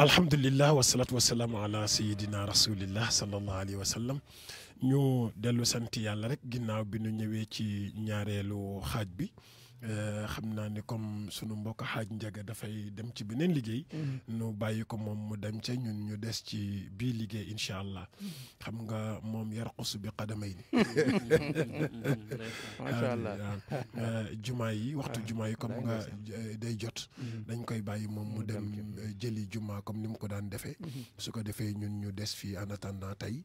الحمد لله والصلاة والسلام على سيدنا رسول الله صلى الله عليه وسلم نيو دلو سنتي يالا رك غيناو بي نيو نياريلو حاج Euh, xam naa ni comme sunu mbokk xaaj njaga dafay dem ci beneen liggéey. Mm-hmm. nu bàyyi ko moom mu dem ca ñun ñu des ci bii liggéey incha allah. Mm-hmm. xam nga moom yarqus bi qadamay ni. macha euh, jumaa yi waxtu ah, jumaa yi comme nga euh, day jot. Mm-hmm. dañ koy bàyyi moom mu dem jëli jumaa comme ni mu ko daan defee. su ko defee ñun ñu des fii en attendant tey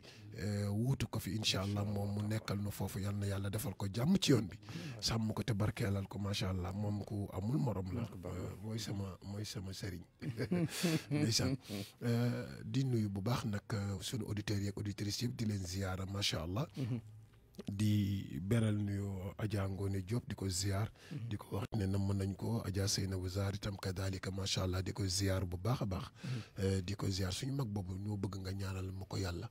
wuutu ko fi incha allah moom mu nekkal nu foofu yal na yàlla defal ko jàmm ci yoon bi. sàmm ko te barkeelal ko macha allah moom ku amul moroom la. Euh, mooy sama mooy sama sëriñ. ndeysaan euh, di nuyu bu baax nag euh, sunu auditeurs yeeg auditrices yëpp di leen ziyaara macha allah. Mhm. di beral nuyoo Adja Ngone Diop di ko ziar. Mhm. di ko wax ne nam mën nañ ko Adja Seynabou Sarr itam kadaalika macha allah di ko ziar bu baax a baax. Mhm. Eh, di ko ziar suñu mag boobu ñoo bëgg nga ñaanal ma ko yàlla.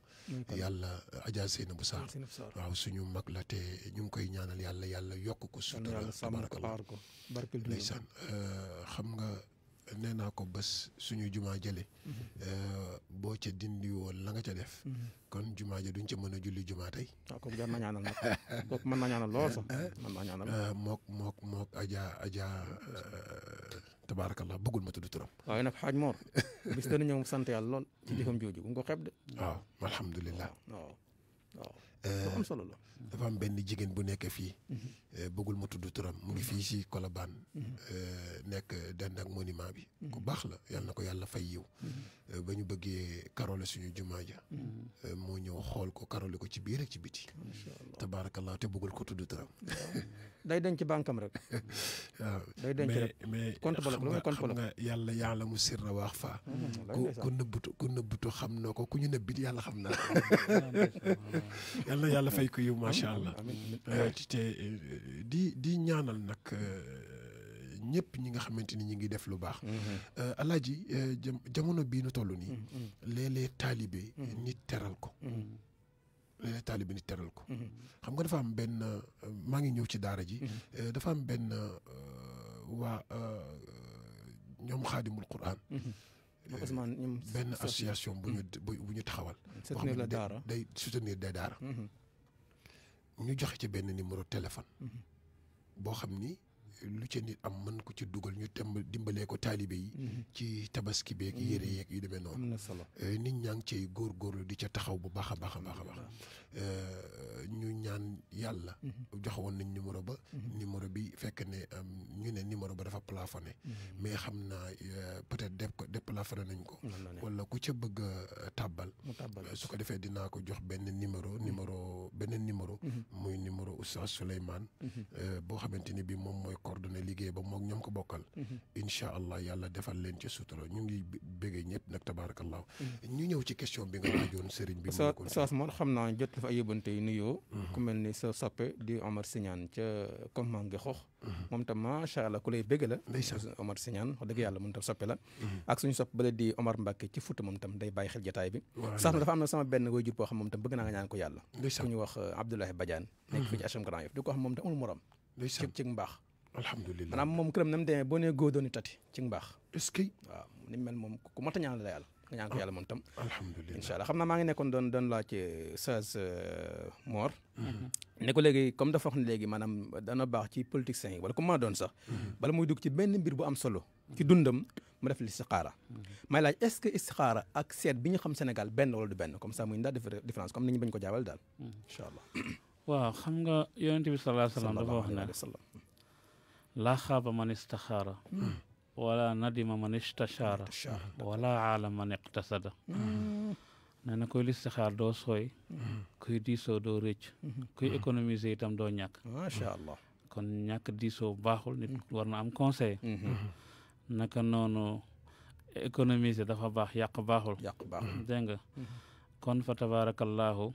yàlla Adja Seynabou Sarr. waaw suñu mag la te ñu ngi koy ñaanal yàlla yàlla yokk ko. sutura tabaaraka la eh, xam nga. nee ko bés suñu jumaa jële mhm. euh, boo ca dindi woon la nga ca def mhm. kon jumaa ja duñ ca mën a julli jumaa tey mën na ah, na ñaanal euh, mook mook a ajaa ajaa tabaarakallah bëggul ma tudd turam waaye nag xaaj moor bis dana ñëw sant yàlla lool ci jëfam ko xeeb de waaw am euh, la dafa am benn jigéen bu nekk fii. Mhm. Euh, bëggul ma tudd turam mu ngi fii si Colobane. Mhm. Euh, nekk dend ak monument bi. Mhm. ku baax la yàlla na ko yàlla fay yiw. ba ñu bëggee karole suñu jumaa ja moo ñëw xool ko karole ko ci biir ak ci biti. tabaarakallah te bëggul ko tudd turam. day denc bankam rek. day denc rek mais mais xam nga yàlla yàlla mu sirra waax faa. ku nëbbutu ku nëbbutu xam noo ko ku ñu nëbbit yàlla xam naa yàlla yàlla fay ko yow macha allah euh, euh, di di ñaanal nag euh, ñëpp ñi nga xamante ni ñu ngi def lu baax. Mm-hmm. alaaji jamono bii nu toll nii. Mm-hmm. léeg-léeg mm-hmm. nit teral ko. léeg-léeg nit teral ko. xam nga dafa am benn maa ngi ñëw ci daara ji. dafa am benn waa ñoom xaadimul quraan ñoom Ousmane benn association bu ñu mm. bu ñu taxawal. soutenir la daara day soutenir day daara. Mm-hmm. ñu joxe ci benn numéro téléphone. Mm-hmm. boo xam ni lu ca nit am mën ko ci dugal ñu temb dimbalee ko taalibe yi mm-hmm. ci tabaski beeg mm-hmm. yére yeeg yu demee noonu na solo euh, nit ñaa ngi góor góorgóorlu di ca taxaw bu baax a baax a baax a euh, ñu ñaan yàlla mm-hmm. joxewoon nañ numéro ba numéro bi fekk ne euh, ñu ne numéro ba dafa plafonné mais xam naa peut-être def ko déplafonné nañ ko wala ku ca bëgg a tàbbal su ko defee dinaa ko jox benn numéro numéro benn numéro muy numéro Oustaz Souleymane boo xamante ni bi moom mooy coordonné ba ko bokkal. Mhm. incha allah yàlla defal leen ci sutura ñu mhm. bi nga laajoon sëriñ bi. mu ngi saas moom xam na fa ay yóbbante yu mhm. sa soppe di Omar Signane ca Komma ngi xox. moom tam macha allah ku lay bëgg la. ndeysaan Omar Signane wax dëgg yàlla moom tam soppe la. ak suñu sopp bële di Omar Mbacke ci Fouta moom tam day bàyyi xel jotaay bi. sax na dafa am na sama benn wayjur boo xam moom tam bëgg naa nga ñaan ko yàlla. ku ñu wax euh, Abdoulaye Badiane. nekk fii ci HM Grand Yoff di ko xam moom tam amul morom. ci mbaax alhamdulilah maanaam moom këram na mu demee boo nee góor dooni tati ci mbaax. est ni mel moom ku mat a ñaan la yàlla. nga ñaan ko yàlla moom tam. alhamdulilah incha xam naa maa ngi nekkoon doon doon laaj euh, Saas euh, Mor. Mhm. ne ko léegi comme dafa wax ne léegi maanaam dana baax ci politiciens yi wala comme doon sax. Mhm. bala muy dugg ci benn mbir bu am solo. ci dundam mu def listixaara. Mhm. may laaj est-ce que istixaara ak seet bi ñu xam Sénégal benn wala benn comme ça muy ndax différence comme ni ñu ko jaawal daal. incha allah. waaw xam nga yonent bi sallallahu alayhi wa sallam dafa wax ne. لا خاب من استخار ولا ندم من استشار ولا عالم من اقتصد نانا كوي الاستخار دو سوي كوي دي سو دو ريج كوي اكونوميزي تام دو نياك ما شاء الله كون نياك دي سو باخول نيت ورنا ام كونساي نكا نونو اكونوميزي دا فا باخ يق باخول دنگ كون فتبارك الله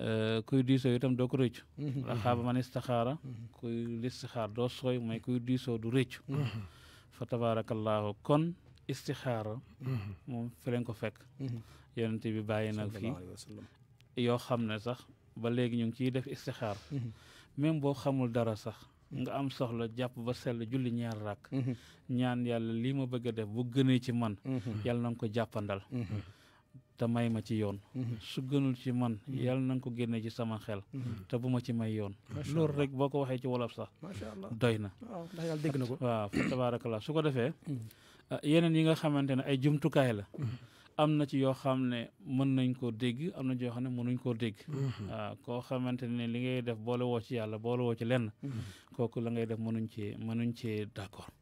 Euh, kuy diisoo itam doo ko rëccu la mhm. xaaba man istixaara mhm. kuy listixaar doo sooy mooy kuy diisoo du rëccu mhm. fa tabaarakallaahu kon istixaara moom fi ko fekk bi bàyyi nag yoo xam ne sax ba léegi ñu ngi ciy def istixaar même boo xamul dara sax nga am soxla jàpp ba sell julli ñaar rakk ñaan yàlla lii ma bëgg a def bu gënee ci man yàlla na nga ko jàppandal te may ma ci yoon mhm. su gënul ci man mhm. yàlla na ko génne ci sama xel mhm. te bu ma ci may yoon loolu rek boo ko waxee ci wolof sax doy na ndax yàlla dégg na ko waaw fa tabaarakallaa su ko defee ah, yeneen yi nga xamante ne ay jumtukaay la am na ci yoo xam ne mën nañ koo dégg am na ci yoo xam ne mënuñ koo dégg waaw ah, koo xamante ne li ngay def boole woo ci yàlla boole woo ci lenn kooku la ngay def mënuñ ci mënuñ ci d'accord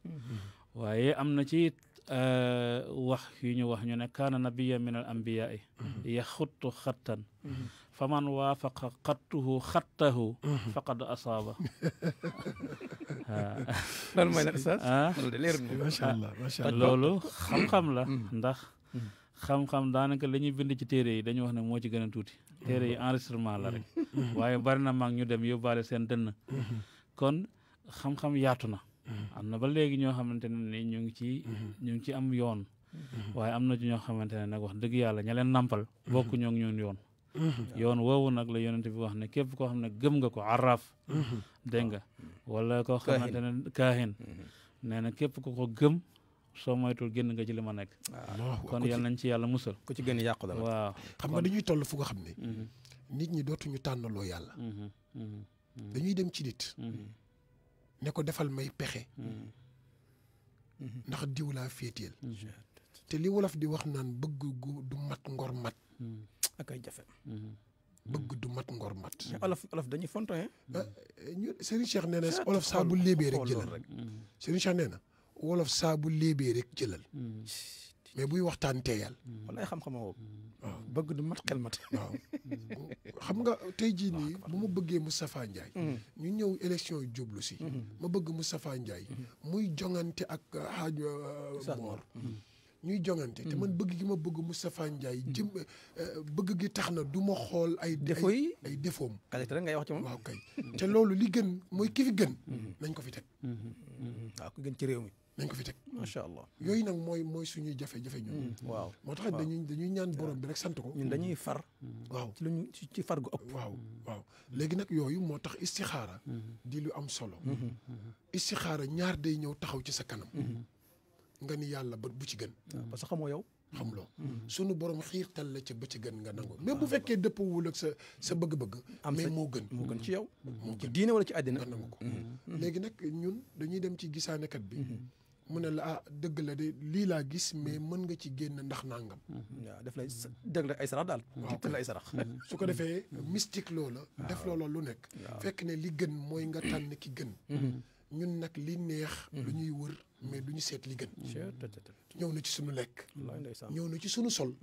waaye am na ci Euh, wax yu ñu wax ñu ne kaana nabiya min al anbiyaai mhm. yaxuttu xattan mhm. fa man waafaqa xattuhu xattahu mhm. faqad asaaba ah. ah, loolu xam-xam la ndax xam-xam daanaka la ñuy bind ci téere yi dañu wax ne moo ci gën tuuti téere yi enregistrement la rek waaye bari na mag ñu dem yóbbaale seen dënn kon xam-xam yaatu na am na ba léegi ñoo xamante ne ni ñu ngi ci mm-hmm. ñu ngi ci am yoon mm-hmm. waaye am na ci ñoo xamante ne nag wax dëgg yàlla ña leen nàmpal bokk ñoo ngi ñun yoon mm-hmm. yoon woowu nag la yonent bi wax ne képp koo xam ne gëm nga ko araf dégg nga wala koo xamante ne kaahin nee na képp ku ko gëm soo moytul génn nga ci li ma nekk kon yal nañ ci yàlla musal ko ci gën yàqu la waaw xam nga dañuy toll fu nga xam ne nit ñi dootuñu tànnaloo yàlla dañuy dem ci nit ne ko defal may pexe ndax diw la féeteel te li wolof di wax nan bëgg gu du mat ngor mat ak ay jafe bëgg du mat ngor mat olof olof dañuy fonto ñu Serigne Cheikh néna olof sa bu lébé rek jëlal Serigne Cheikh néna olof sa bu lébé rek jëlal mais buy waxtan téyal walaay xam-xama woobu bëgg du mat xel mat. xam nga tey jii nii bu ma bëggee Moustapha mm-hmm. ñu ñëw élection yu jublu si. Mm-hmm. ma bëgg Moustapha Ndiaye. Mm-hmm. muy jongante ak euh, Hadj euh, Mor. ñuy jongante te man bëgg gi ma bëgg Moustapha Ndiaye. jëm euh, bëgg gi tax na duma xool ay. défauts yi ay défauts qualité ngay wax ci moom waaw te loolu li gën mooy ki fi gën. nañ ko fi teg. waaw ku gën ci réew mi. nañ ko fi teg. macha allah yooyu nag mooy mooy suñuy jafe-jafe ñun mm, waaw moo tax dañuy dañuy ñaan borom bi rek sant ko ñun dañuy far mm. waaw ci ci far gu ëpp mm. waaw léegi nag yooyu moo tax istixaara di lu am solo mm-hmm. Mm-hmm. istixaara ñaar day ñëw taxaw ci sa kanam mm-hmm. nga ni yàlla ba bu ci gën ah, parce que xamoo yow xam loo sunu borom xiirtal la ca ba ci gën nga nangu mais bu fekkee dëppawul ak sa sa bëgg-bëgg mais moo gën moo gën ci yow ci diine wala ci àddina nga nangu ko léegi nag ñun dañuy dem ci gisaanekat bi mu ne la ah dëgg la de lii laa gis mais mm-hmm. mën nga ci génn ndax nangam. waaw mm-hmm. def lay dëgg la ay sarax daal. waaw ay sarax. Mm-hmm. su ko defee mystique loola. def loola lu nekk. fekk ne li gën mooy nga tànn ki gën. ñun nag li neex. lu ñuy wër mais du ñu seet li gën. ñëw na ci suñu lekk. ñëw na ci suñu sol.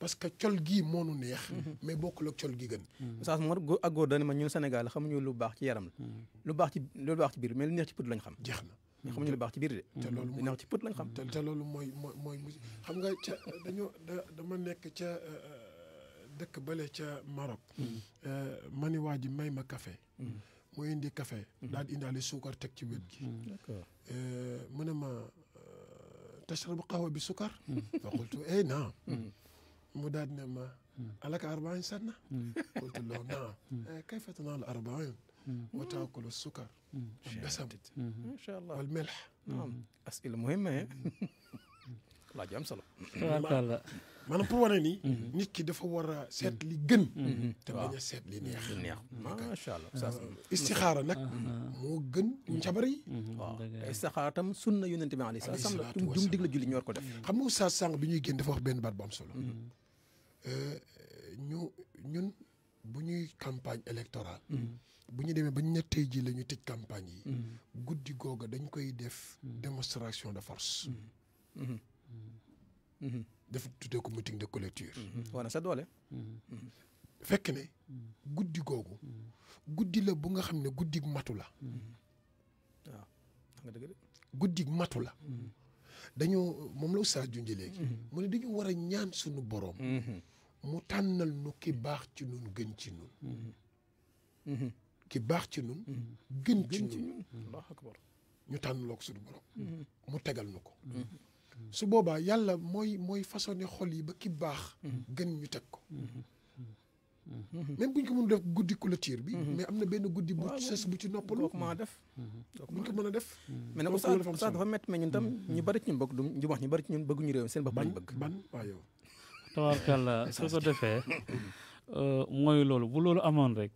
parce que col gii moo nu neex. mais bokk ak col gi gën. Oustaz Mor góor ak góor dañu ma ñun Sénégal xamuñu lu baax ci yaram la. lu baax ci lu baax ci biir mais lu neex ci pët lañ xam. jeex na. mais xamuñu lu baax ci biir de. te loolu mooy naaw ci pët lañ xam. te loolu mooy mooy mooy xam nga ca dañoo dama nekk ca dëkk bële ca Maroc. ma ni waa ji may ma café mu indi café daal di indaale suukar teg ci wet gi. d'accord mu ne ma tashrabu qahwa bi sukar. fa qultu eh naam. mu daal ne ma. alaka arba'in sanna. qultu lahu naam. kayfa tanaal arba'in wa taakulu sukar. الدسم ان شاء الله والملح نعم اسئله مهمه لا جام سلام ما نبروني نيت كي دافا ورا سيت لي گن تا بنيا سيت لي نيه نيه ما شاء الله آه. استخاره نك مو گن نجبري استخاره تم سنه يونت بي علي سلام تم دوم ديغلا جولي نيور كو داف خم استاذ سانغ بي ني گن دافا بن بات بام سولو ا آه، نيو نيون بو ني كامباني الكترال bu ñu demee ba ñettee ji lañu ñu tëj campagne yi. Mm-hmm. guddi googa dañ koy def. Mm-hmm. démonstration de force. Mm-hmm. def tuddee ko meeting de clôture. wane sa doole. fekk ne guddi googu. guddi la bu nga xam ne guddi matu la. waaw ah, nga dëgg guddi matu la. dañoo moom la oustaz junj léegi. mu ne dañu war a ñaan suñu boroom. mu tànnal nu ki baax ci nun gën ci nun ki baax ci ñun. Mm-hmm. gën ci ñun allahu akbar ñu tànn loo ko suñu borom. Mm-hmm. mu tegal nu ko. Mm-hmm. su boobaa yàlla mooy mooy façonné xol yi ba ki baax. gën ñu teg ko. même bu ñu ko mën def guddi clôture bi. mais am na benn guddi bu bu ci noppalu. kooku a def. bu ñu ko mën a def. mais nag oustaz oustaz dafa métti mais ñun tam ñu bari ci ñun bëgg du ñu wax ñu bari ci ñun bëgguñu réew seen ba lañ bëgg. ban waaw yow. tabaarkalla su ko defee euh, mooy loolu bu loolu amoon rek.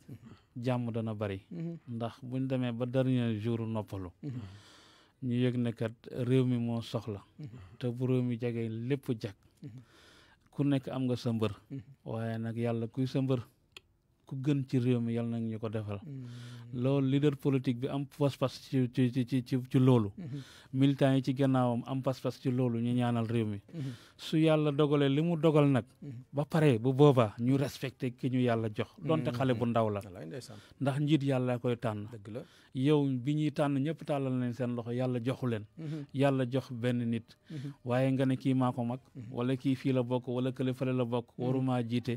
jàmm dana bari mhm. ndax buñ demee ba dernier jour noppalu mhm. ñu yëg ne kat réew mi moo soxla mhm. te bu réew mi jege lépp jag ku nekk am nga sa mbër nag yàlla kuy sa ku gën ci réew mi yàlla nañ ñu ko defal mm. loolu leader politique bi am pas-pas ci ci ci ci loolu mm-hmm. militant yi ci gannaawam am pas-pas ci loolu ñu ñaanal réew mi mm-hmm. su yàlla dogalee li mu dogal nag mm-hmm. ba pare bu booba ñu respecté ki ñu yàlla jox donte xale bu ndaw la ndax njiit yàlla koy tànn yow bi ñuy tànn ñëpp tàllal nañ seen loxo yàlla joxu leen yàlla jox benn nit waaye nga ne kii maa ko mag wala kii fii la bokk wala kële la bokk waruma jiite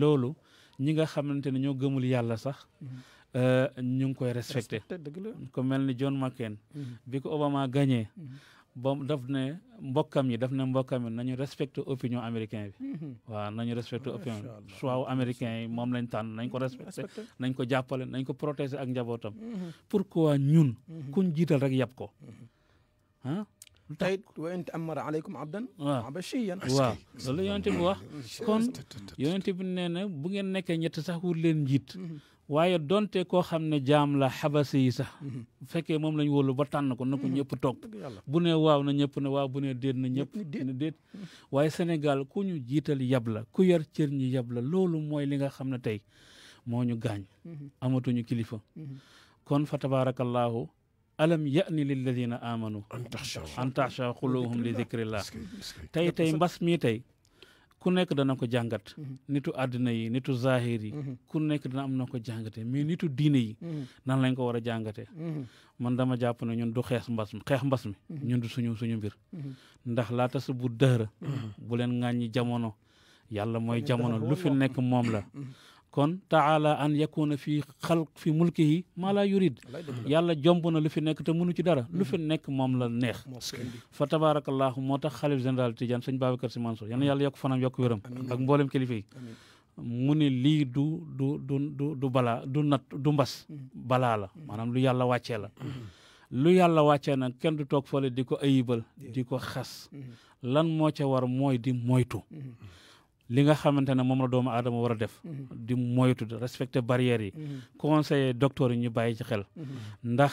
loolu ñi nga xamante ne ñoo gëmul yàlla sax mm-hmm. euh, ñu ngi koy respecté ko mel ni John McCain mm-hmm. bi ko Obama gagné mm-hmm. ba daf ne mbokkam yi daf ne mbokkam yi nañu respecté opinion américain bi waaw nañu respecté opinion choix américain yi moom lañ tànn nañ ko respecté nañ ko jàppale nañ ko protéger ak njabootam pourquoi ñun kuñ jiital rek yàpp ko tayit wa in ta'ammara aleykum abdan abashiyan waaw loolu bi wax kon yonent bi nee na bu ngeen nekkee ñett sax wut leen njiit mm-hmm. waaye donte koo xam ne jaam la xabasi yi sax mm-hmm. bu fekkee moom lañu wóolu ba tànn ko na ko mm-hmm. ñëpp topp bu ne waaw na ñëpp ne waaw bu ne déet na ñëpp ne déet waaye senegal ku ñu jiital yab la ku yar cër ñi yab loolu mooy li nga xam ne tey moo ñu gaañ amatuñu kilifa kon fa tabaarakallaahu alam yani lilladina amanu an taxsha xuluhum li zikrillah tey tey mbas mi tey ku nekk dana ko jàngat nitu àddina yi nitu zahir yi ku nekk dana am na ko jàngate mais nitu diine yi nan lañ ko war a jàngate man dama jàpp na ñun du xeex mbas mi xeex mbas mi ñun du suñu suñu mbir ndax laata su but dëhëra bu leen ŋàññi jamono yàlla mooy jamono lu nekk moom la kon taala an yakuna fi xalq fi mulkihi maa laa yurid yàlla jomb na lu fi nekk te mënu ci dara lu fi nekk moom la neex fa tabarakallahu moo tax xalif général Tidiane sëñ Babacar Sy Mansour yal na yàlla yokk fanam yokk wéram ak mboolem kilifa yi mu ne lii du du du du du balaa du nat du mbas balaa la maanaam lu yàlla wàccee la lu yàlla wàccee nag kenn du toog fële di ko ayibal di ko xas lan moo ca war mooy di moytu li nga xamante ne moom la doomu aadama war a def. Mhm. di moytu respecter barrières yi. Mhm. conseiller docteur yi ñu bàyyi ci xel. Mhm. ndax.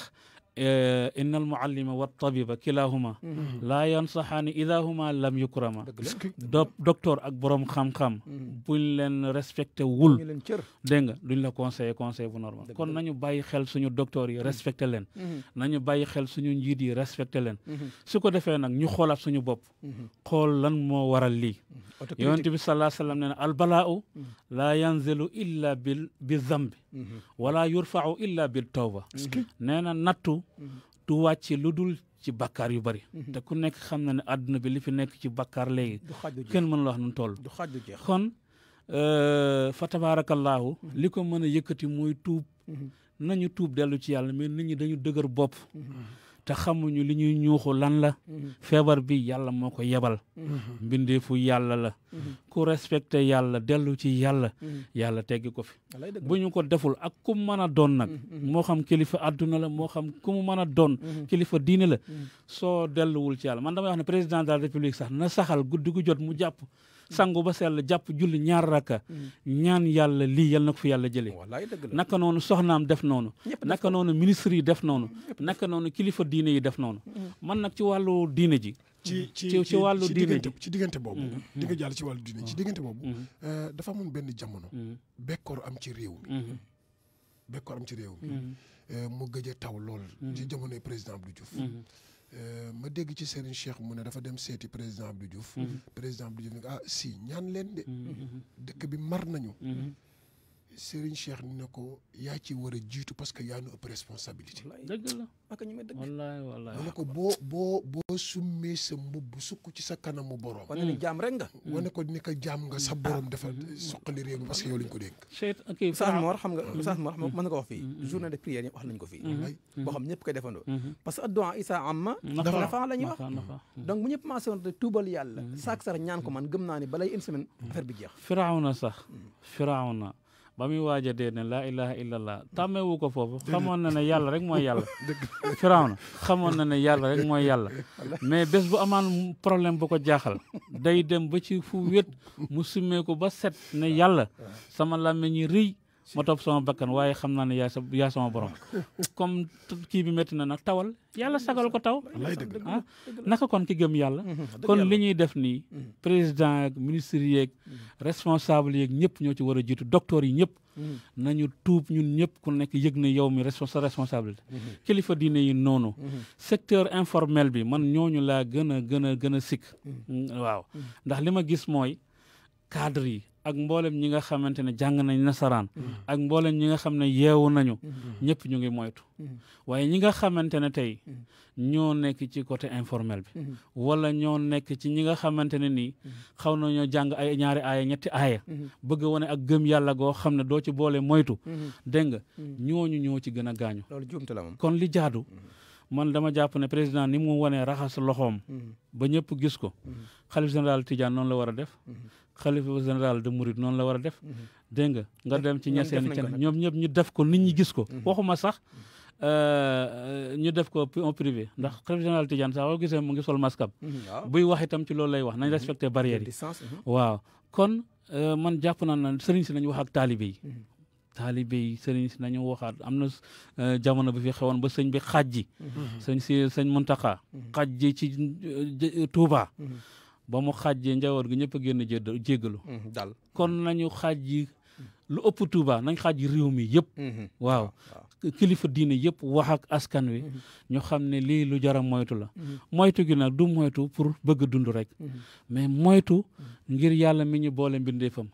إن المعلم والطبيب كلاهما لا ينصحان إذا هما لم يكرما دكتور ak borom xam-xam buñ leen respecté wul dégg nga duñ la conseiller conseil bu normal kon nañu bàyyi xel suñu docteur yi respecté leen nañu bàyyi xel suñu njiit yi respecté leen su ko defee nag ñu xoolaat suñu bopp xool lan moo waral lii yonent bi salaa sallam nee na albalaa laa yanzilu illa bi bi zambi wala yurfau illa bil tawba nee na nattu du wàcc lu dul ci bakkaar yu bari mhm. te ku nekk xam na ne àdduna bi li fi nekk ci bakkaar léegi kenn mënul wax nun toll kon euh, fa tabaarakallaahu mhm. li ko mën a yëkkati mooy tuub mhm. nañu tuub dellu ci yàlla mais nit ñi dañu dëgër bopp te xamuñu li ñuy ñuuxu lan la mm-hmm. feebar bi yàlla moo ko yebal mm-hmm. mbindeefu yàlla la mm-hmm. ku respecté yàlla dellu ci yàlla yàlla teggi ko fi bu ñu ko deful ak ku mu a doon nag moo xam kilifa àdduna la moo xam ku mu doon kilifa diine la soo delluwul ci yàlla man dama wax président de la république sax na saxal guddi gu jot mu jàpp sangu ba sell jàpp julli ñaar raka mm. ñaan yàlla lii yal na ko fi yàlla jëlee naka noonu soxnaam def noonu naka noonu ministre yi def noonu naka noonu kilifa diina yi def noonu mm. man nag ci wàllu diina ji ci ci ci wàllu diine ji ci diggante boobu mm. di nga jàll ci wàllu diine ci diggante boobu euh, dafa amoon benn jamono bekkoor am ci réew mi mm-hmm. ci réew mi mm-hmm. euh, mu gëj taw lool mm-hmm. ci jamonoy président Abdou Diouf Euh, ma dégg ci seen Cheikh mu ne dafa dem seeti président Abdou Diouf. Mm-hmm. président Abdou Diouf ah si ñaan leen de. Mm-hmm. dëkk bi mar nañu. Mm-hmm. Serigne Cheikh ni na ko yaa ci war a jiitu parce que yaa nu ëpp responsabilité. dëgg la ak ñu ma dëgg. wallaay wallaay wane ko boo boo boo summee sa mbubb sukk ci sa kanamu borom. wane ni hmm. jaam rek nga. Hmm. wane ko ni ko jaam nga sa hmm. borom dafa soqali réew mi parce que yow lañ ko dénk. Cheikh ak Oustaz Mor xam nga Oustaz Mor mën na ko wax fii. journée de prière yi wax nañ ko fii. boo xam ñëpp koy defandoo. parce que addu'a isa amma. nafa la ñuy wax donc bu ñëpp commencé woon tuubal yàlla. saak sar ñaan ko man gëm naa ni balay une semaine affaire bi jeex. Firawna sax Firawna ba muy waaja a dee ne laa ilaha illallah tàmmewu ko foofu xamoon na ne yàlla rek mooy yàlla firaw na xamoon na ne yàlla rek mooy yàlla mais bés bu amaan problème bu ko jaaxal day dem ba ci fu wét mu summee ko ba set ne yàlla sama làmmiñ ñi rëy ma topp sama bakkan waaye xam naa ne yaa sa borom comme kii bi métti na nag tawal yàlla sagal ko taw ah naka kon ki gëm yàlla mhm, kon li ñuy def nii mhm. président yeeg ministre yeeg mhm. responsable yeeg ñëpp ñoo ci war a jiitu docteur yi ñëpp nañu tuub ñun ñëpp ku nekk yëg na yow mi sa responsabilité kilifa diine yi noonu secteur informel bi man ñooñu laa gën a gën a gën a sikk mm, waaw ndax li ma gis mooy cadre yi ak mbooleem ñi nga xamante ne jàng nañ nasaraan mm-hmm. ak mboolem ñi nga xam ne yeewu nañu mm-hmm. ñëpp ñu ngi moytu mm-hmm. waaye ñi nga xamante ne tey ñoo nekk ci côté informel bi wala ñoo nekk ci ñi nga xamante ne nii xaw nañoo jàng ay ñaari aaya ñetti aaya bëgg wane ak gëm yàlla goo xam ne doo ci boole moytu dégg nga ñooñu ñoo ci gën a gaañu kon li jaadu man dama jàpp ne président ni mu wanee raxas loxoom ba ñëpp gis ko xalif général Tidiane noonu la war a def xalifa général de Mouride noonu la war a def. Mhm. dégg nga nga dem ci ñeseen ci ñoom ñëpp ñu def ko nit ñi gis ko. Mhm. waxuma sax euh, ñu def ko en privé ndax xalifa général Tidiane sax boo gisee mu ngi sol masque am. Mhm, buy wax itam ci loolu lay wax nañ respecté barrière yi. waaw kon euh, man jàpp naa ne sëriñ si nañu wax ak taalibe yi. taalibe yi sëriñ si nañu waxaat am na euh, jamono bi fi xewoon ba sëñ bi xaj sëñ si sëñ Muntaxa. ba mu xàjjee njawoot gi ñëpp a génn jéggalu mm-hmm, dal kon nañu xàjji lu ëpp Touba nañ xàjji réew mi yëpp mm-hmm. waaw kilifa diine yëpp wax ak askan wi mm-hmm. ñu xam ne lii lu jara moytu la moytu gi nag du moytu pour bëgg dund rek mais moytu ngir yàlla mi ñu boole fam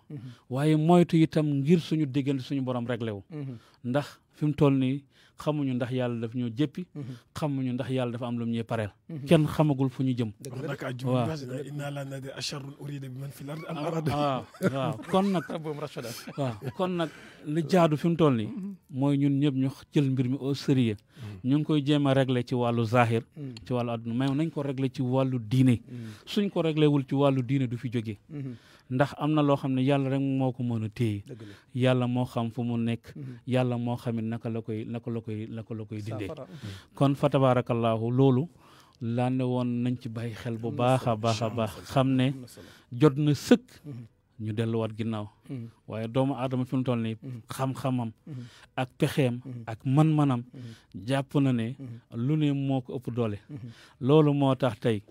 waaye moytu itam ngir suñu diggante suñu borom réglé wu ndax fi mu toll nii xamuñu ndax yàlla daf ñoo jéppi mhm. xamuñu ndax yàlla dafa am lu mu ñuy pareel mhm. kenn xamagul fu ñu jëm waaw waaw ah, ah, waaw kon nag waaw kon nag li jaadu fi mu toll nii mhm. mooy ñun ñëpp ñu jël mbir mi au sérieux ñu ngi koy jéem a régler ci wàllu zahir ci wàllu adduna mais nañ ko régler ci wàllu diine suñ ko réglewul ci wàllu diine du fi jógee ndax am na loo xam ne yàlla rek moo ko mën a téye yàlla moo xam fu mu nekk mhm. yàlla moo xamit naka la koy naka la koy naka la koy dindee mhm. kon fa tabaarakallaahu loolu laa ne woon nañ ci bàyyi xel bu baax a baax a baax xam ne jot na sëkk mhm. ñu delluwaat ginnaaw waaye doomu aadama fi mu ne nii xam-xamam ak pexeem ak man-manam jàpp na ne lu ne moo ko ëpp doole loolu moo tax tey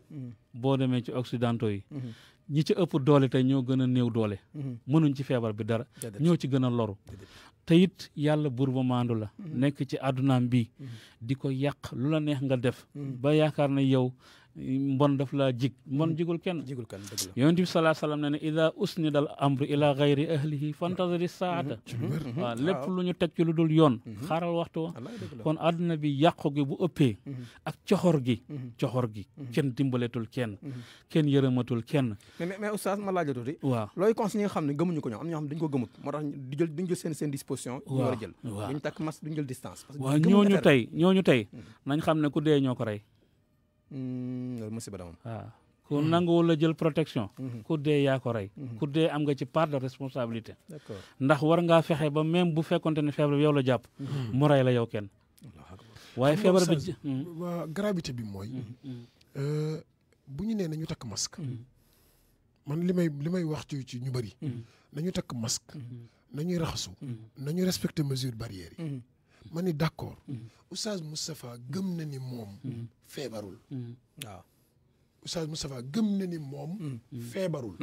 boo demee ci occidentaux yi ñi ci ëpp doole tey ñoo gën a néew doole mhm. mënuñ ci feebar bi dara ñoo ci gën a loru te it yàlla buur ba maandu la mhm. nekk ci àddunaam bi mhm. di ko yàq lu la neex nga def ba yaakaar na yow mbon def laa jig mbon mm. jigul kenn jigul kenn dëgg la yonent bi salaa salaam ne ne ida usnida al amru ila gayri ahlihi fantaziri saata mm-hmm. mm-hmm. waaw mm-hmm. lépp lu ñu teg ci lu dul yoon xaaral waxtu wa kon àdduna bi yàqu gi bu ëppee ak coxor gi coxor gi kenn dimbaletul kenn kenn yërëmatul kenn mais mais oustaz ma laaj la tuuti looy conseil ñi xam ne gëmuñu ko ñoom am na ko gëmut moo tax di jël duñ jël seen seen disposition ñu war a jël duñ ñooñu tey ñooñu tey nañ xam ne ku dee ñoo ko rey Mm, loolu musiba la moom waaw ah. ku nanguwul la jël protection mm-hmm. ku dee yaako ko rey mm-hmm. ku dee am nga ci part de responsabilité ndax war ngaa fexe ba même bu fekkonte ne feebar bi yow la jàpp mm-hmm. mu la yow kenn waaye feebar bi mm. gravité bi mooy euh, bu ñu nee nañu takk masque man li may li may wax ci ci ñu bëri nañu takk masque nañuy raxasu nañu respecter mesures barrières ma ni d'accord Oustaz Moustapha gëm na ni moom feebarul waaw Oustaz Moustapha gëm na ni moom feebarul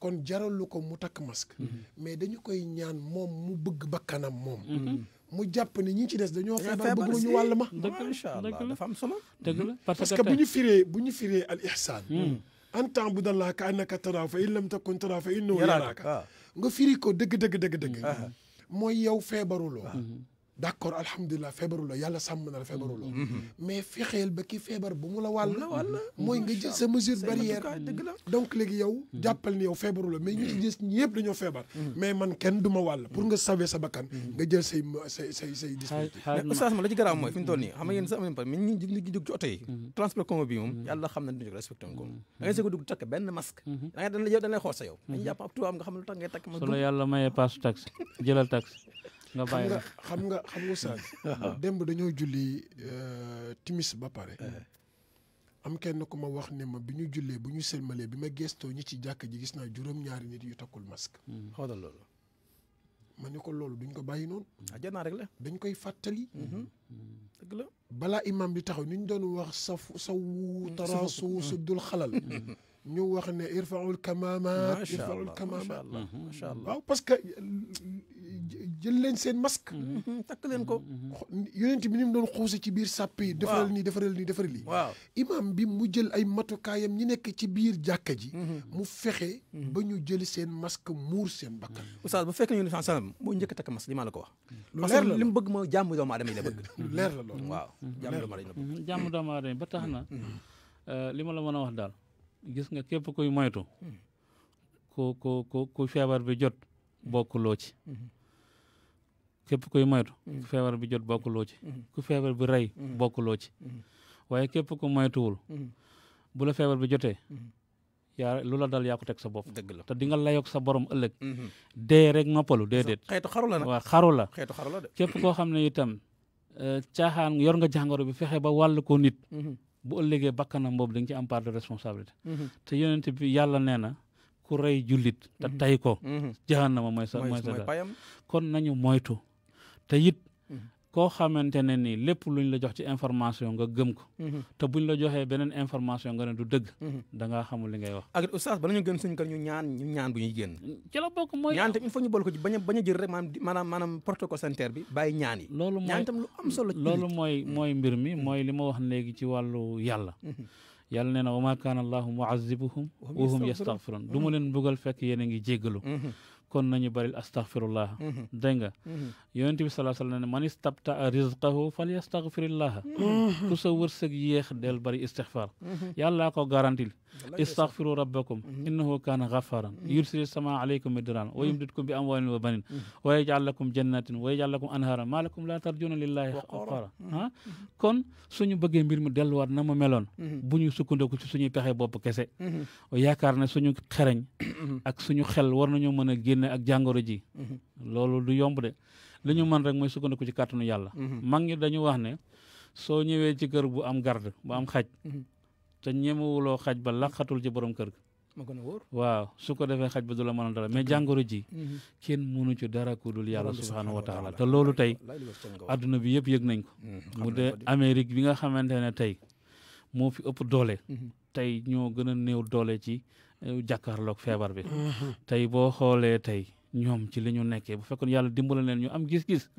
kon jaralu ko mu takk masque mais dañu koy ñaan moom mu bëgg bakkanam moom mu jàpp ni ñi ci des dañoo feebar bëgg ñu wàll ma incha allah am solo dëgg parce que bu ñu firee bu ñu firee al ihsaan hmm. an ta'buda llaha ka annaka taraahu fa in lam takun taraahu fa innahu yaraaka nga firi ko dëgg dëgg dëgg hmm. mooy yow feebaruloo hmm. d'accord alhamdulilah feebaru la yàlla sàmm na la feebaru la mais fexeel ba ki feebar bu mu la wàll mooy nga jël sa mesure barrière donc léegi yow jàppal ni yow feebaru la mais ñu ci gis ñëpp dañoo feebar mais man kenn du ma wàll pour nga sauver sa bakkan nga jël say say say say dispositif oustaz ma la ci garaaw mooy fi mu toll nii xam nga yéen sax am pa mais ñi ñu jóg ci oto yi transport commun bi moom yàlla xam na duñu ko respecté ko da ngay sëg dugg takk benn masque da ngay dañ lay xool sa yow dañ jàpp ab tubaab nga xam ne lu tax ngay takk ma solo yàlla maye passe taxi jëlal taxi nga bàyyi la xam nga xam nga xam nga démb dañoo julli euh, timis ba pare. Eh. am kenn ku ma wax ne ma bi ñu jullee bu ñu sëlmalee bi ma gestoo ñi ci jàkk ji gis naa juróom-ñaari nit yu takkul mask hmm. xoolal loolu. ma ne ko loolu duñ ko bàyyi noonu. ajana ah, la dañ koy fàttali. Hmm. Hmm. dëgg la balaa imaam di taxaw ni ñu doon wax sa sawu taraasu suddul xalal. ñu wax ne irfaul kamaamaat irfaul kamaamaat macha allah mhm. parce que jël leen seen masque mhm. Mhm, takk leen ko yonent bi ni mu doon xuuse ci biir sàpp yi defaral nii defaral nii defaral lii waaw imam bi mu jël ay matukaayam ñi nekk ci biir jàkka ji mu fexe ba ñu jël seen masque muur seen bakkan oustaz bu fekkee ñu ne sallam moo njëkk a takk masque li la ko wax parce que li mu bëgg mooy jàmm doomu aadama yi la bëgg leer la loolu waaw jàmm doomu aadama yi bëgg jàmm doomu li ma la mën a wax daal gis nga képp koy moytu ku ku feebar bi jot bokkuloo ci képp kuy moytu ku feebar bi jot bokkuloo ci ku feebar bi rey bokkuloo ci waaye képp ko moytuwul bu la feebar bi jotee yaa lu dal yaa ko teg sa bopp dëgg la te di nga layoog sa borom ëllëg mhm. dee rek noppalu déedéet xeetu xaru la nag waaw la xeetu xaru la koo xam ne itam euh, caaxaan yor nga jàngoro bi fexe ba wàll ko nit mhm. bu ëllëgee bakkanam boobu da nga ci am part de responsabilité. Mhm. te yonent bi yàlla nee na ku rey jullit. te mhm. tay ko. Mhm. jahannama mooy sa kon nañu moytu te it. koo xamante ne ni lépp luñ la jox ci information nga gëm ko mhm. te buñ la joxee beneen information nga ne du dëgg mhm. da ngaa xamul li ngay wax ak oustaz bala ñu ñu ñaan ñu génn ci ñu boole ko ci bañ a bañ a rek maanaam maanaam protocole bi bàyyi ñaan yi loolu mooy ñaan tam lu am solo mhm. mbir mi mooy li ma wax léegi ci wàllu yàlla yàlla nee na wa ma kaana allahu muazibuhum wa hum yastaghfirun du leen bëggal fekk yéen a ngi kon nañu baril astaghfirullah mhm. dégg nga mhm. yonent bi salaa sallam ne man istabtaa rizqahu fal yastaghfirillaha mhm. ku sa wërsëg yéex del bari istighfar yàllaa ko garantil istaghfiru rabbakum mhm. innahu kana ghafaran mhm. yursil sama alaykum midran wa mhm. yumdidkum bi amwalin wa banin wa yaj'al lakum jannatin wa yaj'al lakum anharan ma lakum la tarjuna lillahi waqara ah kon suñu bëggee mbir mi delluwaat na mu meloon bu ñu sukkandiku ci suñuy pexe bopp kese yaakaar ne suñu xereñ ak suñu xel war nañoo mën a génne ak jàngoro ji loolu du yomb de li ñu mën rek mooy sukkandiku ci kàttanu yàlla mag ñi dañu wax soo ñëwee ci kër te ñemewuloo xaj ba laqatul ci borom kër ga ma gën a waaw su ko defee xaj ba du la mën a dara mais jàngoro ji mhm. kenn mënu ci dara ku dul yàlla subhaanahu wa taala te loolu tey adduna bi yëpp yëg nañ ko mhm, mu dee Amérique bi nga xamante ne tey moo fi ëpp doole mhm. tey ñoo gën a néew doole ci euh, jàkkaarloog feebar bi tey boo xoolee tey ñoom ci li ñu nekkee bu fekkoon yàlla dimbale leen ñu am gis-gis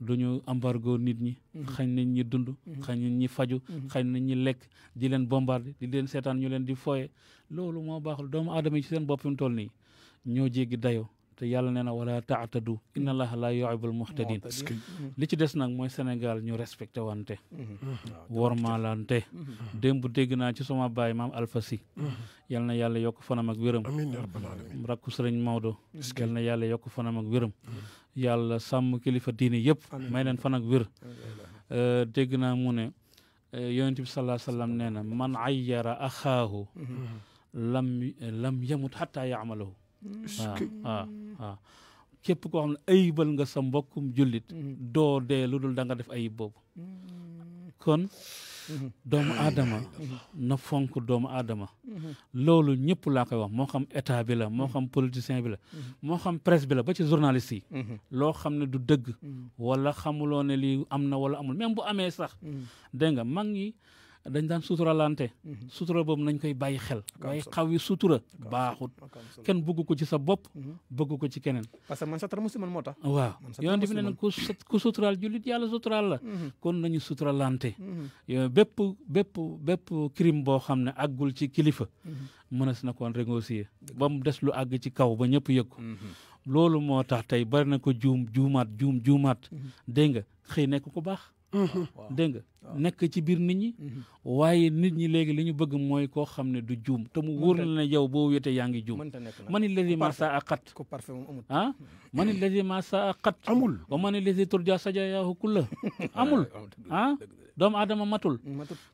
duñu embargo nit ñi mhm. xañ nañ ñi dund mhm. xañ nañ ñi faju mhm. xañ nañ ñi lekk di leen bombardé di leen seetaan ñu leen di foye loolu moo baaxul doomu aadama yi ci seen bopp fi mu toll nii ñoo jéggi dayoo te yàlla nee na wala taatadu inna allaha la yuhibbul muhtadin li ci des nag mooy Sénégal ñu respecté wante wormaalante démb dégg naa ci sama baay maam Alpha Sy yal na yàlla yokk fanam ak wéram rakku sëriñ yàlla yokk fanam ak yàlla sàmm kilifa diine yëpp may leen fan ak wér euh, dégg naa mu ne euh, yonent bi salaa sallam nee na man ayyara axaahu mm-hmm. lam lam yamut xataa yaamalahu mm-hmm. waaw waaw képp koo xam ne ayibal nga sa mbokkum jullit mm-hmm. doo dee lu dul da nga def ayib boobu kon doomu aadama na fonk doomu aadama loolu ñëpp laa koy wax moo xam état bi la moo xam politicien bi la moo xam presse bi la ba ci journaliste yi loo xam ne du dëgg wala xamuloo ne lii am na wala amul même bu amee sax dégg nga mag dañ daan suturalante mhm. sutura boobu nañ koy bàyyi xel waaye xaw sutura baaxut kenn bëgg ko ci sa bopp mhm. bëgg ko ci keneen parce que man satara moo tax waaw yonent bi ne ku ku suturaal jullit yàlla suturaal la mhm. kon nañu suturalante bépp bépp bépp crime boo xam ne àggul ci kilifa mënees na koon négocier ba mu des lu àgg ci kaw ba ñëpp yëg ko loolu moo tax tey bari na ko juum juumaat juum juumaat dégg nga xëy nekk ku baax dégg nekk ci biir nit ñi mhm. waaye nit ñi léegi li ñu bëgg mooy koo xam ne du juum te mu wóor na ne yow boobu yete yaa ngi juum ma ah? ni lesi ma saa aqat ah ma ni lesi ma saa aqat amul wa ma ni lesi turja saja yahu kulla amul ah doom aadama mm, matul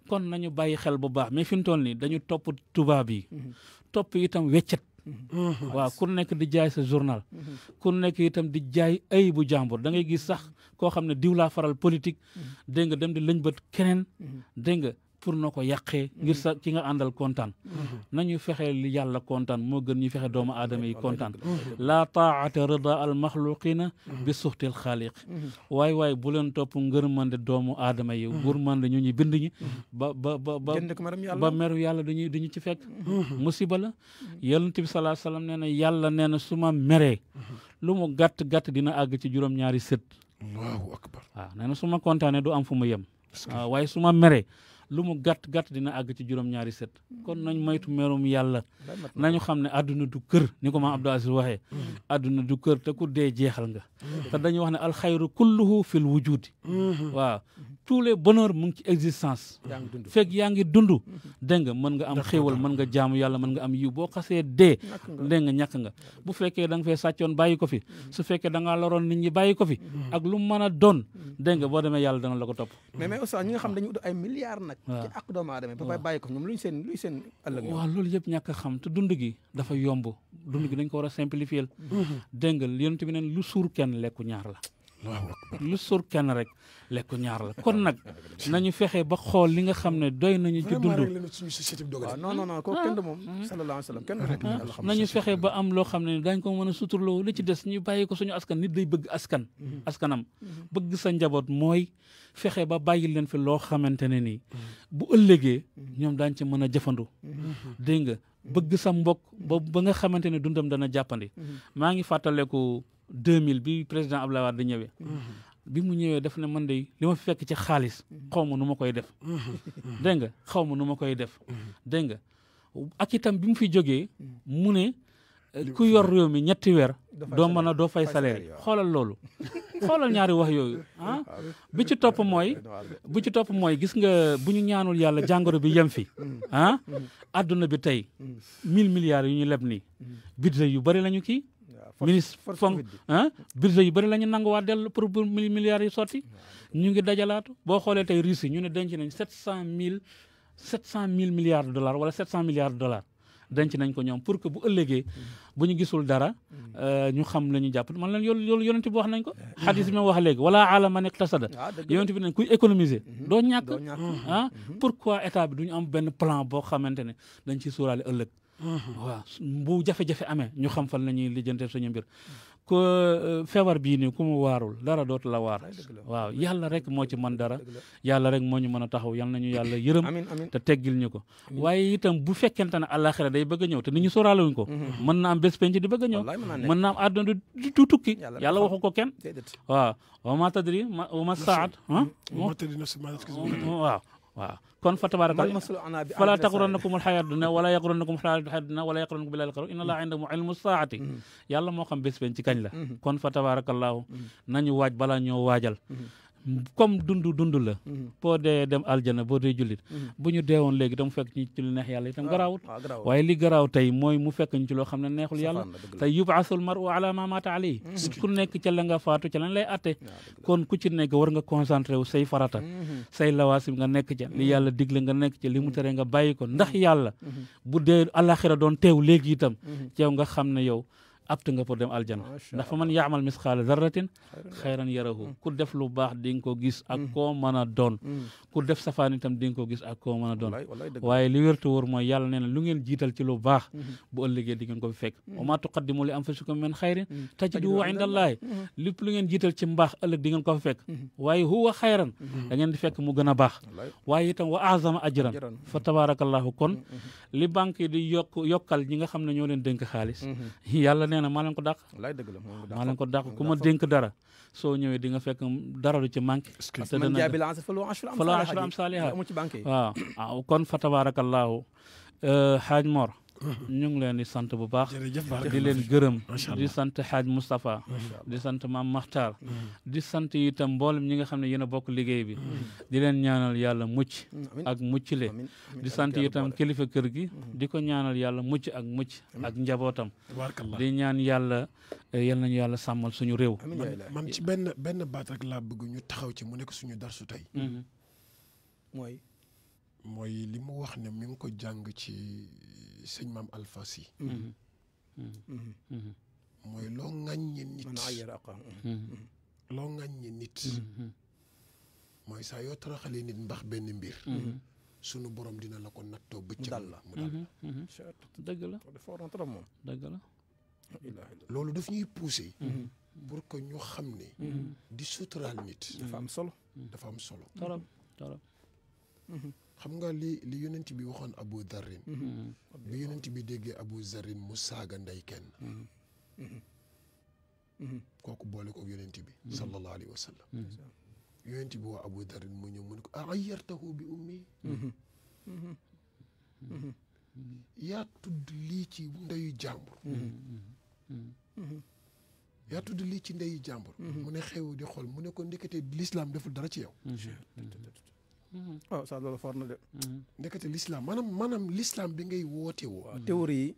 kon nañu bàyyi xel bu baax mais fi mu toll nii dañu topp tubaab bi mm-hmm. topp itam wéccat mm-hmm. waaw ku nekk di jaay sa journal mm-hmm. ku nekk itam di jaay ay bu jàmbur da ngay gis sax koo xam ne diw laa faral politique mm-hmm. dégg nga dem di lëñbët keneen mm-hmm. dégg nga pour noo ko yàqee mm-hmm. ngir sa ki nga àndal kontaan nañu fexe li yàlla kontaan moo gën ñu fexe doomu aadama yi kontaan laa taata rida al maxluqina bi suxtil xaaliq waay waay bu leen topp ngërmande doomu aadama yi ngërmande ñu ñu bind ñi ba ba ba ba meru yàlla duñu duñu ci fekk musiba la yonent bi salaa salaam nee na yàlla nee na su ma meree lu mu gàtt gàtt dina àgg ci juróom-ñaari sët waaw akbar waaw nee na su ma kontaanee du am fu mu yem. waaw waaye su ma meree lu mu gàtt gàtt dina àgg ci juróom-ñaari set. kon nañ moytu merum yàlla. nañu xam ne àdduna du kër ni ko ma Abdou Aziz waxee. Mm. àdduna du kër te ku dee jeexal nga. Mm. te dañuy wax ne alxayru kulluhu fil wujudi. Mm-hmm. waaw tous les bonheurs mu ngi ci existence fekk yaa ngi dund mm-hmm. dégg nga mën nga am xéewal mën nga jaamu yàlla mën nga am yiw boo xasee dee dégg nga ñàkk nga mm-hmm. bu fekkee da nga fee sàccoon bàyyi ko fi mm-hmm. su fekkee da ngaa loroon nit ñi bàyyi ko fi ak lu mën a doon dégg nga boo demee yàlla dana la ko topp mais mais aussi ñi nga xam dañu ut ay milliards nag ci ak doomu aadama ba bàyyi ko fi ñoom luñ seen luñ seen ëllëg loolu yëpp ñàkk a xam te dund gi dafa yomb dund gi dañ ko war a simplifier dégg nga yonent bi neen lu suur kenn lekku ñaar la lu sur kenn rek lekku ñaar la kon nag nañu fexe ba xool li nga xam ne doy nañu ci dund non non non ko kenn moom ah. sallallahu alayhi wasallam kenn nañu fexe ba am loo xam ne daañ ko mën a suturloo li ci des ñu bàyyi ko suñu askan nit day bëgg askan mm-hmm. askanam mm-hmm. bëgg sa njaboot mooy fexe ba bàyyi leen fi loo xamante ne nii mm-hmm. bu ëllëgee ñoom daañ ci mën a jëfandu dégg nga bëgg sa mbokk ba ba nga xamante ne dundam dana jàppandi maa ngi fàttaleku 2000 bi président Abdoulaye Wade ñëwee. Mm-hmm. bi mu ñëwee def ne man de li ma fi fekk ci xaalis mm-hmm. xaw ma nu ma koy def. Mm-hmm. dégg nga xaw ma nu ma koy def. dégg nga ak itam bi mu fi jógee mu ne ku yor réew mi ñetti weer. doo mën a doo fay salaire xoolal loolu. xoolal ñaari wax yooyu ah bi ci topp mooy bi ci topp mooy gis nga bu ñu ñaanul yàlla jàngoro bi yem fi ah? adduna bi tey mille milliards yu ñu leb nii. budget yu bari lañu kii. ministre fonk ah budget yu bëri la ñu nanguwaat dellu pour pour milliards ñu ngi dajalaatu boo xoolee tey Russie ñu ne denc nañ sept cent mille sept cent mille milliards de dollars wala sept cent milliards de dollars ko ñoom pour que bu ëllëgee bu ñu gisul dara euh, ñu xam la jàpp man leen yoolu bi wax nañ ko xadis bi wax léegi wala ala man iqtasada ah, bi nañ kuy économiser mhm. doo ñàkk ah pourquoi état bi du ñu am benn plan boo xamante ne dañ ci sóoraale waaw mmh. bu jafe-jafe amee ñu xam fan la ñuy lijjante suñu mbir ku euh, feebar bii nii ku mu waarul dara dootu la waar waaw yàlla rek moo ci man dara yàlla rek moo ñu mën a taxaw yal nañu yàlla yërëm te teggil ñu ko waaye itam bu fekkente ne àllaaxira day bëgg a ñëw te nit ñu sóoraalewuñ ko man mmh. na am bés penc di bëgg a ñëw man na am àdduna du tukki yàlla waxu ko kenn waaw wa ma tadri wa ma saat ah? waaw waaw kon fa tabaaraka fala taxurannakum alxayaatu dunya wala yaxurannakum alxayaatu dunya wala yaxurannakum billahi alxaru inna allaha indahu ilmu saati yàlla moo xam bés ben ci kañ la kon fa tabaarakallahu nañu waaj bala ñoo waajal comme dund dund la mhm. boo dee dem aljana boo dee jullit mhm. bu ñu deewoon léegi dama fekk ñu ci lu neex yàlla itam ah, garaawut waaye li garaaw tey mooy mu fekk ñu ci loo xam ne neexul yàlla te yubasul maru ala ma maata alayhi mhm. ku nekk ca la nga faatu ca lañ lay atte kon ku ci nekk war nga concentré wu say farata say lawaasim nga nekk ca li yàlla digle nga nekk ca li mu tere nga bàyyi ko ndax yàlla bu dee alaxira doon teew léegi itam ceew nga xam ne yow apt nga pour dem aljana ndax fa man yaamal misqaala zarratin xayran yarahu mm. ku def lu baax di nga ko gis a mm. koo mën a doon mm. ku def safaan itam di nga ko gis a koo mën a doon waaye li wértu wóor mooy yàlla nee na lu ngeen jiital ci lu baax mm-hmm. bu ëllëgee di ngeen ko fi fekk wa maa tuqaddimu li mm-hmm. waaye huwa xayran mm-hmm. da di fekk mu gën a baax waaye itam wa azama ajran fa tabaarakallahu kon li banque di yokkal ñi nga xam ne ñoo leen dénk xaalis yàlla nee na maa leen ko dàq maa leen ko dàq ku ma dénk dara soo ñëwee di nga fekk dara lu ci manqué te dana falo ashru am saaliha waaw ah, kon fa tabaarakallaahu xaaj euh, mor ñu ngi leen di sant bu baax di leen gërëm di sant xaaj Moustapha di sant maam Maxtaar mm. di sant itam mboolem ñi nga xam ne yéen a bokk liggéey bi mm. di leen ñaanal yàlla mucc ak mucc le di sant itam kilifa kër gi mm. di ko ñaanal yàlla mucc ak mucc ak njabootam di ñaan yàlla eh, yal nañu yàlla sàmmal suñu réew benn benn baat bëgg ñu taxaw ci mu suñu darsu mooy li mu wax ne mi ngi ko jàng ci sëñ maam Alpha Sy mooy loo ŋàññi nit loo ŋàññi nit mooy saa yoo taraxalee nit mbax benn mbir sunu borom dina la ko nattoo bëccëg la mu dal la dëgg la loolu daf ñuy pousser mm-hmm. Mm-hmm. pour que ñu xam ne mm-hmm. di suturaal nit dafa am solo dafa am solo xam nga li li yonent bi waxoon Abu Dharrin mm-hmm. bi yonent bi déggee Abu Dharrin mu saaga ndey kenn mm-hmm. Mm-hmm. kooku boole ko yonent bi sallallahu alayhi yonent bi waa Abu Dharrin mu ñëw mu ne ko ayartahu bi ummi yaa tudd lii ci ndeyu jàmbur yaa tudd lii ci ndeyu jàmbur mu ne xew di xool mu ne ko ndekete lislaam deful dara ci yow Mm-hmm. waaw ça loolu for na de. Mm-hmm. ndekete l'islam maanaam maanaam bi ngay woote woo. Mm-hmm. théorie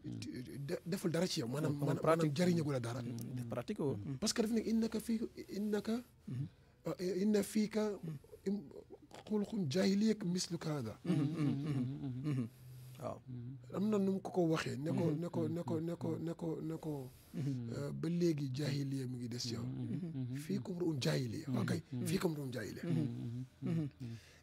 deful dara ci yow. maanaam maanaam jëriñagu la dara. parce que daf ne fii innaka. Uh, inna fii ka. xulqun jaahiliyya misluka haadaa. waaw am na nu mu ko ko waxee. ne ko ne ko ne ko ne uh, jaahiliya mu ngi des yow. fii kum ruum jaahiliya. fii kum ruum jaahiliya.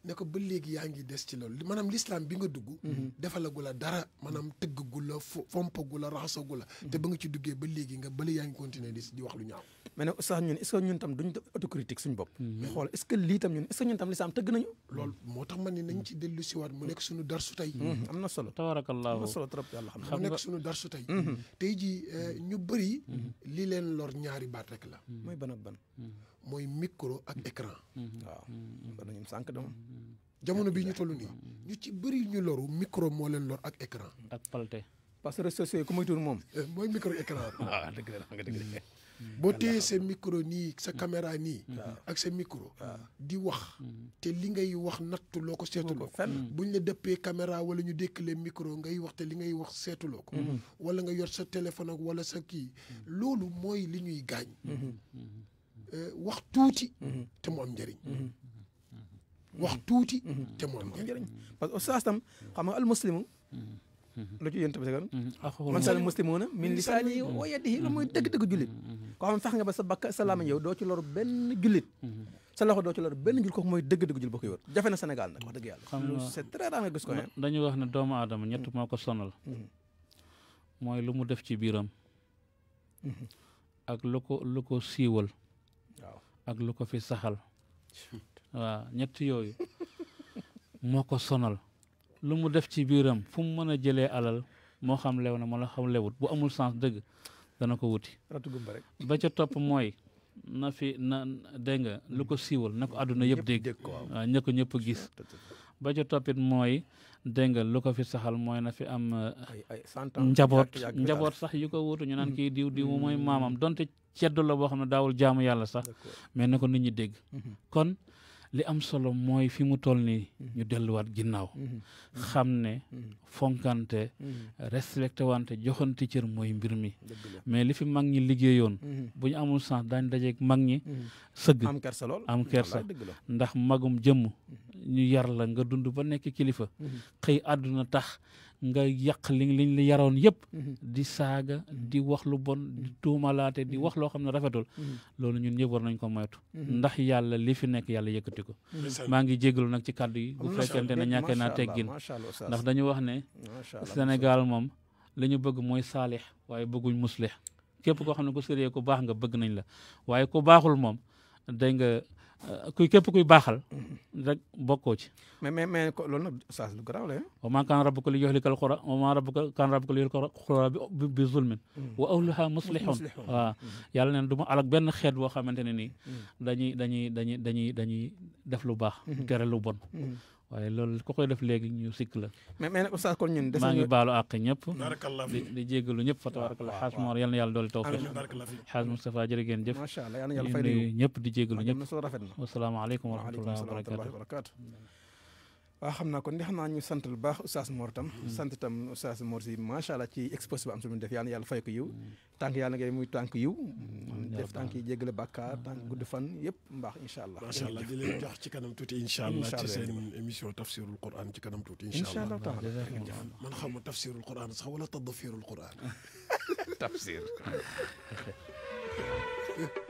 ne ko ba léegi yaa ngi des ci loolu maanaam l'islam bi nga dugg mhm. defalagu la dara maanaam tëggagu la fompagu la raxasagu la mhm. te ba nga ci duggee ba léegi nga bële yaa ngi continuer di di wax lu ñaaw mais ne sax ñun tam duñ def autocritique suñu bopp mm-hmm. xool est ce que lii tam ñun est ce que ñun tam lislaam tëgg nañu loolu moo tax man ni nañ ci dellu si waat mu nekk suñu darsu tey mm-hmm. am na solo tabarakallah am na solo trop yàlla xam mu nekk suñu tey mm-hmm. tey eh, ñu bëri li leen lor ñaari baat rek la mooy ban ak ban mooy micro ak écran waaw ba nañu sànq dama jamono bii ñu toll nii ñu ci bëri ñu loru micro moo leen lor ak écran ak palte parce que réseaux sociaux yi ku muy tur moom eh, mooy micro écran waaw ah, dëgg la nga dëgg boo téye sa micro nii sa caméra nii. ak sa micro. di wax. te li ngay wax nattuloo ko seetuloo ko. buñ la dëppee caméra wala ñu dékkalee micro ngay wax te li ngay wax seetuloo ko. Mm-hmm. wala nga yor sa téléphone ak wala sa kii. Mm-hmm. loolu mooy li ñuy gaañ. Mm-hmm. Euh, wax tuuti. te mu am njëriñ. wax tuuti. te mu am njëriñ parce que tam xam nga al lu ci yéen tamit mm-hmm. ah, man sal saa min lisaani wa yadihi mm-hmm. loolu mooy dëgg-dëgg jullit mm-hmm. koo xam ne fex nga ba sa bakka sa doo ci loru benn jullit sa loxo doo ci loru benn jullit kooku mooy dëgg-dëgg jullit boo koy wër jafe na Sénégal nag wax dëgg yàlla loolu c'est dañu wax ne doomu aadama ñett moo ko sonal mooy lu mu def ci biiram ak lu ko lu ko siiwal ak lu ko fi saxal waaw ñett yooyu moo ko sonal lu mu def ci biiram fu mu mën a jëlee alal moo xam lew na moo la xam lewut bu amul sens dëgg dana ko wuti ba ca topp mooy na fi na dégg nga lu ko siiwal na àdduna yëpp dégg waaw ña ko ñëpp gis ba ca toppit mooy dégg lu ko fi saxal mooy na fi am njaboot njaboot sax yu ko wutu ñu naan mm. kii diw diw mm. mooy maamam donte ceddu la boo xam ne daawul jaamu yàlla sax mais na ko nit ñi dégg mm-hmm. kon li am solo mooy fi mu toll nii mm-hmm. ñu delluwaat ginnaaw mm-hmm. Mm-hmm. xam ne fonkante respecté wante joxante cër mooy mbir mi mais li fi mag ñi liggéey yoon bu ñu amul sens daañ dajeeg mag ñi sëgg am kersa lool am kersa ndax magum jëmm ñu yar la nga dund ba nekk kilifa xëy àdduna tax nga yàq li liñ la yaroon yëpp mhm. di saaga mhm. di wax lu bon di mhm. tuumalaate di wax loo xam ne rafetul loolu ñun ñëpp war nañ ko moytu ndax yàlla li fi nekk yàlla yëkkati ko maa ngi jégalu nag ci kaddu yi bu fekkente ne ñàkkee naa teggin ndax dañu wax ne Sénégal moom li bëgg mooy saalix waaye bëgguñ muslix képp koo xam ne ku sëree ko baax nga bëgg nañ la waaye ku baaxul moom day nga Euh, kuy képp kuy baaxal rek bokkoo ci mais mais mais loolu nag saas lu garaaw la wa maa kaan rabbuka li yoxlika al qura wa maa rabbuka kaan rabbuka li yoxlika al qura bi bi zulmin mm. wa ahluha muslihun waaw mm-hmm. neen du ma benn xeet boo xamante ne nii mm. dañuy dañuy dañuy dañuy dañuy def lu baax mm-hmm. tere lu bon mm-hmm. waaye loolu ku koy def léegi ñu sikk la. mais mais nag oustaz kon ñun. des maa ngi baalu àq ñëpp. di di jéggalu ñëpp fa tabarakallah xaas Mor yal na yàlla doole tawfiq. xaas Moustapha jërë ngeen jëf. macha allah yal na yàlla fay nuyu ñëpp di jéggalu ñëpp. wasalaamaaleykum wa rahmatulah wa waaw xam naa kon ne xam naa ñu sant lu baax Oustaz Mor tam mm-hmm. sant tam Oustaz Mor si macha allah ci exposé ba am suñu def yàlla yàlla fay ko yiw mm-hmm. tànk yàlla ngay muy tànk yiw mm-hmm. def tànk yi jéggale bàkkaar tànk gudd fan yëpp mbaax incha allah macha allah di leen jox ci kanam tuuti incha allah ci seen émission tafsirul quran ci kanam tuuti incha allah man xam ma tafsirul quran sax wala tadafirul quran tafsir